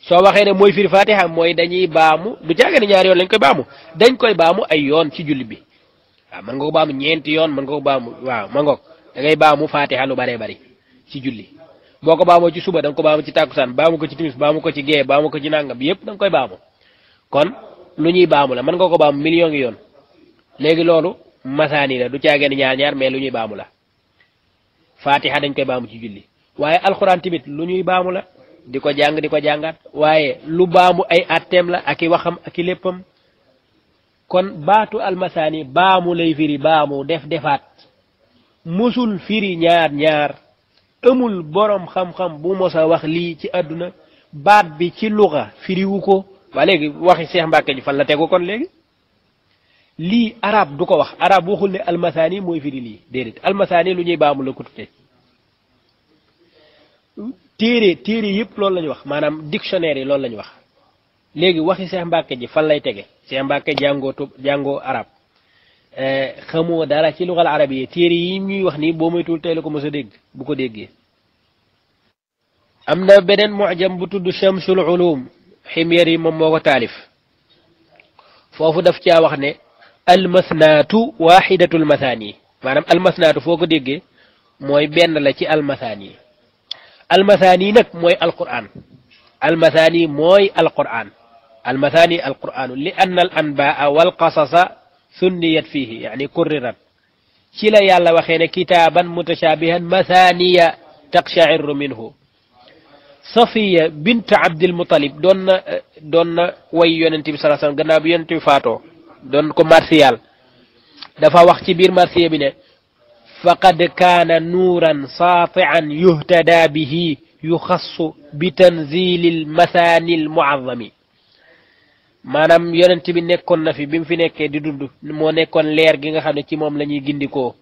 soo waxee ne mooy firi fatiha mooy dañuy baamu bu caagane ñaari yoon lañ koy baamu dañ koy baamu ay yoon ci julli bi waaw mën nga ko baamu ñeenti yoon mën nga ko baamu ma ngoog da ngay baamu fatiha lu bare bare ci julli boko baamu ci suba dang ko baamu ci takusan baamu ko ci timis baamu ko ci ge baamu ko ci nangam yep dang koy baamu kon lu ñuy baamu la man nga ko baamu million ngi yoon léegi loolu masaani la du agene ñaar ñaar mais lu ñuy baamu la fatiha dañ koy baamu ci julli waaye alquran timit lu ñuy baamu la di jang diko di waye waaye lu baamu ay atem la ak waxam ak leppam kon baatu almasani baamu lay firi baamu def defat mësul firi ñaar ñaar amul boroom xam-xam bu mos a wax lii ci àdduna baat bi ci luxa firiwu ko waa léegi waxi Seex Mbàkke ji fan la tegu kon léegi lii arab du ko wax arab waxul ne almasaani mooy firi lii déedéet almasaani lu ñuy baamu la ko tuddee téere téere yëpp loolu la wax maanaam dictionnaire yi loolu la wax léegi waxi Seex Mbàkke ji fan lay tege Seex Mbàkke jàngoo tub jàngoo arab xamoo dara ci lugal arabiya téere yi ñuy wax ni boo moytuwul tey la ko mos a dégg bu ko déggee am na beneen mujam bu tudd chamsul ulum ximyar yi moom moo ko taalif foofu daf caa wax ne almasnaatu waxidatul masaani maanaam almasnaatu foo ko déggee mooy benn la ci almasaani almasaani nag mooy alquran almasaani mooy alquran almasaani alquranu li anna al anbaa wal qasasa ثنيت فيه يعني كررت شلا يالا وخينا كتابا متشابها مثانية تقشعر منه صفية بنت عبد المطلب دون دون وي انتي صلى الله عليه وسلم فاتو دون كمارسيال دفا وقت بير مارسيال بنا فقد كان نورا ساطعا يهتدى به يخص بتنزيل المثاني المعظمي maanaam yonent bi nekkoon na fi bi mu fi nekkee di dund moo nekkoon leer gi nga xam ne ci moom la ñuy gindikoo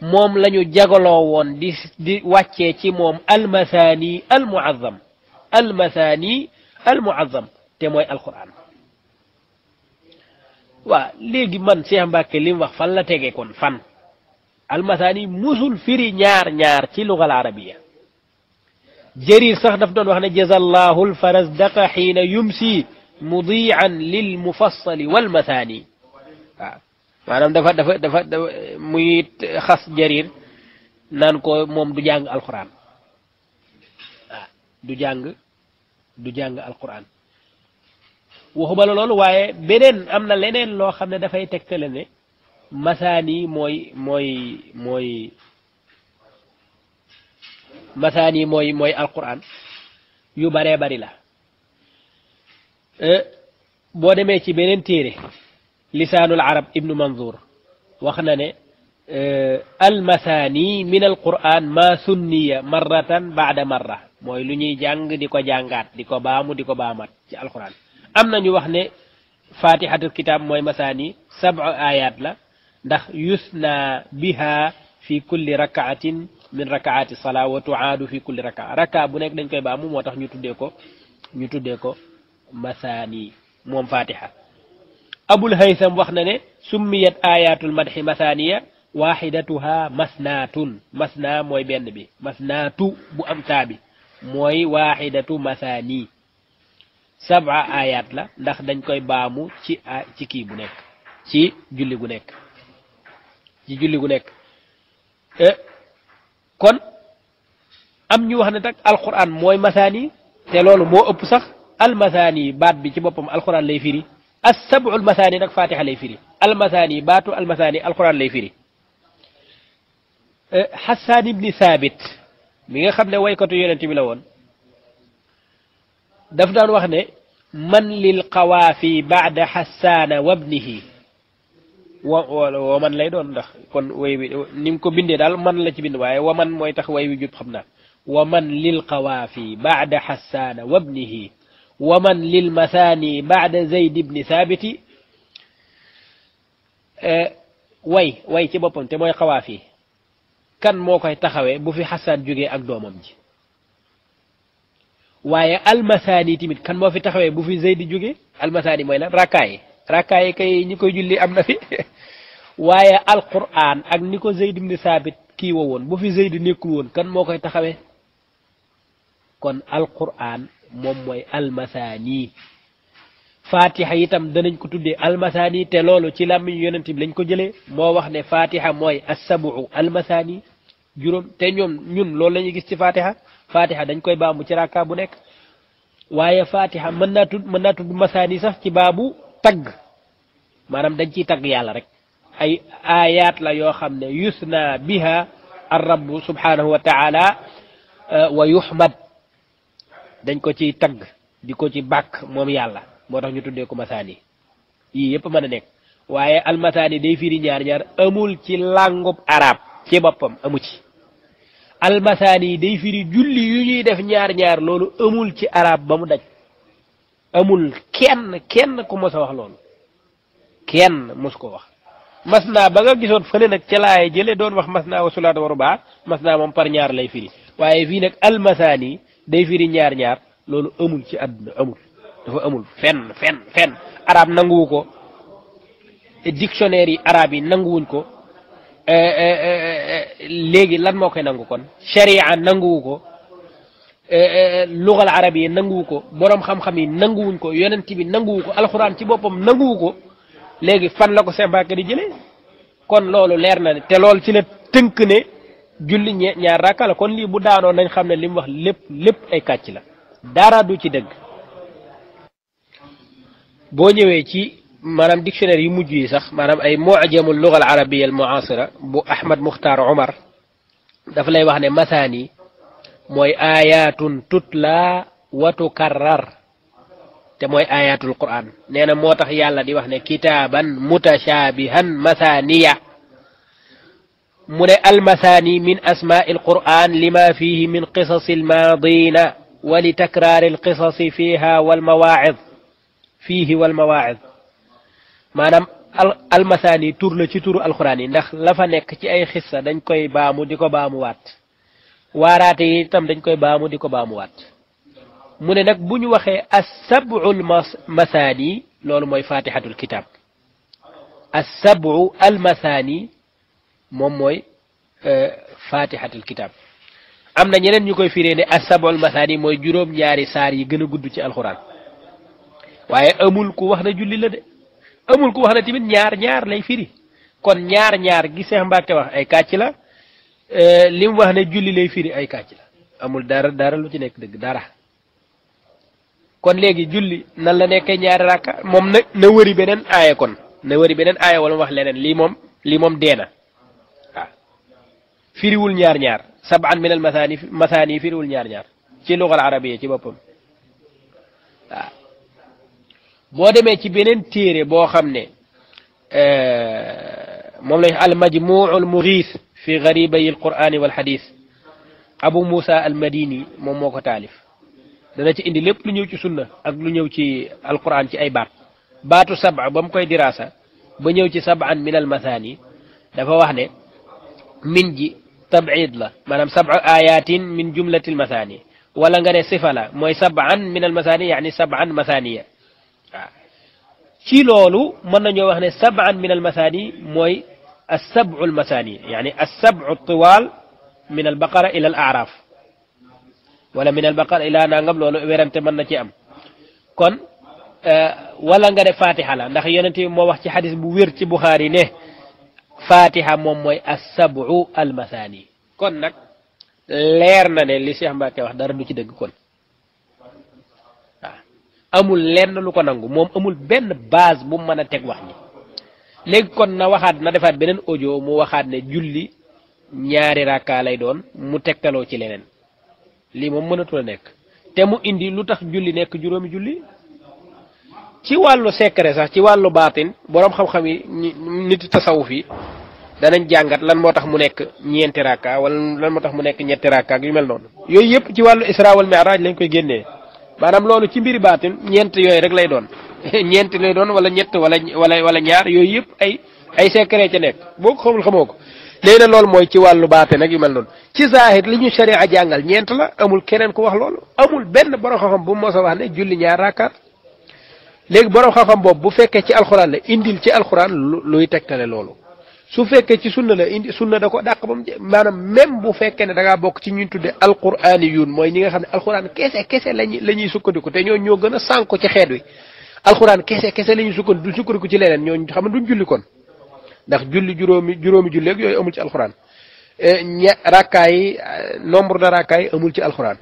moom lañu jagaloo woon di di wàccee ci moom almasaani almuazzam almasaani almuazzam te mooy alquran waaw léegi man Cheikh Mbacke li mu wax fan la tege kon fan almasaani musul firi ñaar ñaar ci lugal arabiya jëriir sax daf doon wax ne jazallahu alfarasdaqa xiina yumsi mudian lil mufassali wal mathani waaw maanaam dafa dafa dafa muy xas jarir naan ko moom du jàng alquran waaw du jàng du jàng alquran waxuma loolu waaye beneen am na leneen loo xam ne dafay tegtale ne masaani mooy moy mooy masaani mooy mooy alquran yu baree bari la Eh, boo demee ci beneen téere lisaanul arab ibnu manzour wax na ne eh, almasaani min alquran ma sunniya marratan baada marra mooy lu ñuy jàng di ko jàngaat di ko baamu di ko baamat ci alquran am na ñu wax ne fatihatul kitab mooy masaani sabu ayat la ndax yusna biha fi kulli rakaatin min rakaati salaa wa tuaadu fi kulli rakaa raka bu nekk dañ koy baamu moo tax ñu tuddee ko ñu tuddee ko masaani moom fatiha abul haysam wax na ne summiyat ayatul madxi masaaniya waaxidatuha masnaatun masna mooy benn bi masnaatu bu am taabi mooy waaxidatu masaani sab'a ayat la ndax dañ koy baamu ci ci kii bu nekk ci julli gu nekk ci julli nekk e, kon am ñu wax ne tak alquran mooy masaani te loolu moo ëpp sax almasaani baat bi ci boppam alxuraan lay firi as-sab'u almasaani nag fatiha lay almasaani baatu almasaani alxuraan lay firi Xasaan eh, ibni mi nga xam ne waykatu yonent bi la woon daf daan wax ne man lil qawaafi baada xasaana wabnihi wa man lay doon ndax kon way ni mu ko bindee daal man la ci bind waaye wa man mooy tax way wi jub xam naa wa lil qawaafi baada xasaana wabnihi waman man lil mathani baada zayd ibni saabiti way way ci boppam te mooy xawaaf yi kan moo koy taxawee bu fi xasaan jógee ak doomam ji waaye almasaani timit kan moo fi taxawee bu fi zaydi jógee almasaani mooy lan rakkaay rakkaay kay ñi koy julli am na fi waaye alquran ak ni ko zayd ibn saabit kii woon bu fi zaydi nekkul woon kan moo koy taxawee kon alquran mom moy almasani fatiha itam danañ ko tuddé almasani té lolu ci làmmiñu yonent bi lañ ko jëlé mo wax né fatiha as-sab'u almasani. jurom té ñom ñun lolu lañu gis ci fatiha fatiha dañ koy baamu ci rakka bu nek waye fatiha mën na tud mën na tud masani sax ci baabu tag manam dañ ci tag yalla rek ay ayat la yo xamné yusna biha ar-rabb subhanahu wa taala wa yuhmad dañ ko ci tag di ko ci bak mom yalla motax ñu tuddé ko masani yi yépp mëna nek nekk al masani day firi ñaar ñaar amul ci arab ci bopam amu ci masani day firi julli yu ñuy def ñaar ñaar lolu amul ci arab ba mu daj amul kenn kenn ku mësa wax lolu kenn mos ko wax masna ba nga gisoon fele nak ci laay jele doon wax masna wa waru ruba masna mom par ñaar lay firi waaye nak al masani day firi ñaar ñaar loolu amul ci àdduna amul dafa amul fenn fenn fenn arab nanguwu ko dictionnaire yi arab yi nanguwuñ ko léegi lan moo koy nangu kon sharia nanguwu ko luxal arab yi nanguwu ko boroom xam-xam yi nanguwuñ ko yonent bi nanguwu ko alxuraan ci boppam nanguwu ko léegi fan la ko Sëñ Mbàkke di jëlee kon loolu leer na ne te loolu ci la tënk ne julli ñe ñaar rakka la kon lii bu daanoo nañ xam ne li mu wax lépp lépp ay kàcc la dara du ci dëgg boo ñëwee ci maanaam dictionnaire yu mujj yi sax maanaam ay mujamul luga al arabia al muasira bu ahmad muxtaar omar dafa lay wax ne masaani mooy ayatun tutla wa tukarrar te mooy ayatul quran nee na moo tax yàlla di wax ne kitaaban mutashabihan masaaniya من المثاني من أسماء القرآن لما فيه من قصص الماضين ولتكرار القصص فيها والمواعظ فيه والمواعظ ما نم المثاني تور لتور القرآن نخ لفنك أي خصة دن كوي بامو ديكو بامو وات واراتي تم دن كوي بامو ديكو بامو وات من نك بني وخي السبع المثاني لول موي فاتحة الكتاب السبع المثاني moom mooy euh, fatihatul kitab am na ñeneen ñu koy firee ne asabol masaani mooy juróom-ñaari saar yi gën a gudd ci alxuraan waaye amul ku wax na julli la de amul ku wax na tamit ñaar ñaar lay firi kon ñaar ñaar gi Seex Mbàkke wax ay kàcc la euh, li mu wax ne julli lay firi ay kàcc la amul dara dara lu ci nekk dëgg dara kon léegi julli nan la nekkee ñaari rakka moom na na wëri beneen aaya kon na wëri beneen aaya wala mu wax leneen lii moom lii moom deena firiwul ñaar ñaar sab'an min al mathani mathani firiwul ñaar ñaar ci lugal arabiya ci boppam boo demee ci beneen téere boo xam ne euh, moom lañ al majmuu al mughis fi garibay al qur'ani wal abu musa al moom moo ko taalif dana ci indi lépp lu ñëw ci sunna ak lu ñëw ci alquran ci ay baat baatu saba ba koy diraasa ba ñëw ci sab'an min al mathani dafa wax ne min ji تبعيد لا مانام سبع آيات من جملة المثاني ولا غير صفة لا موي سبعا من المثاني يعني سبعا مثانية شي لولو من نيو سبعا من المثاني موي السبع المثاني يعني السبع الطوال من البقرة إلى الأعراف ولا من البقرة إلى نانغب لولو ويرم تمنى كي أم كون أه ولا غير فاتحة لا ندخي يونتي مو وخشي حديث بوير تي بخاري نه fatiha moom mooy assabu almathani kon nag leer na ne li Cheikh wax dara du ci dëgg kon amul lenn lu ko nangu moom amul benn base bu mën a teg wax ni léegi kon na waxaat na defaat beneen audio mu waxaat ne julli ñaari rakka lay doon mu tegtaloo ci leneen lii moom mënatu nekk te mu indi lu tax julli nekk juróomi julli ci wàllu secret sax ci wàllu baatin boroom xam-xam yi nit tasawuf yi danañ jàngat lan moo tax mu nekk ñeenti rakka wala lan moo tax mu nekk ñetti rakka ak yu mel noonu yooyu yëpp ci wàllu isra wal mi'raj lañ koy génnee maanaam loolu ci mbiri baatin ñeent yooyu rek lay doon ñeent lay doon wala ñett wala wala wala ñaar yooyu yëpp ay ay secret ca nekk boo ko xamul xamoo ko léegi nag loolu mooy ci wàllu baate nag yu mel noonu ci zaahir li ñu sharia jàngal ñeent la amul keneen ku wax loolu amul benn borom xam-xam bu mos a wax julli ñaar raakaat léegi borom xam-xam boobu bu fekkee ci alxuraan la indil ci alxuraan luy tegtale loolu su fekkee ci sunna la indi sunna da ko dàq ba mu maanaam même bu fekkee ne da ngaa bokk ci ñun tudde alquraani yuun mooy ñi nga xam ne alxuraan kese kese lañu la ñuy sukkandiku te ñoo ñoo gën a sànko ci xeet wi alxuraan kese kese la ñuy sukkandiku du sukkandiku ci leneen ñooñu xam ne duñ julli kon ndax julli juróomi juróomi julleeg yooyu amul ci alxuraan eh, ña rakkaay eh, nombre de yi amul ci alxuraan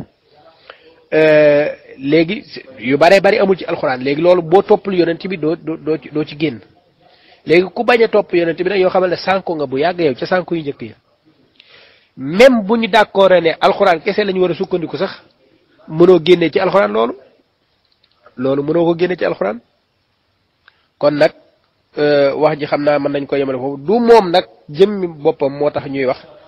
Euh, léegi yu bare bari amul ci alxuraan léegi loolu boo toppul yonent bi doo doo doo ci génn léegi ku bañ a topp yonent bi nag yoo xamal ne sànku nga bu yàgg yow ca sànku yu njëkk ya même bu ñu d'accord ne alxuraan kese lañu ñu war a sukkandiku sax mënoo génnee ci alxuraan loolu loolu mënoo ko génne ci alxuraan kon nag euh, wax ji xam naa mën nañ ko yemale foofu du moom nag jëmmi boppam moo tax ñuy wax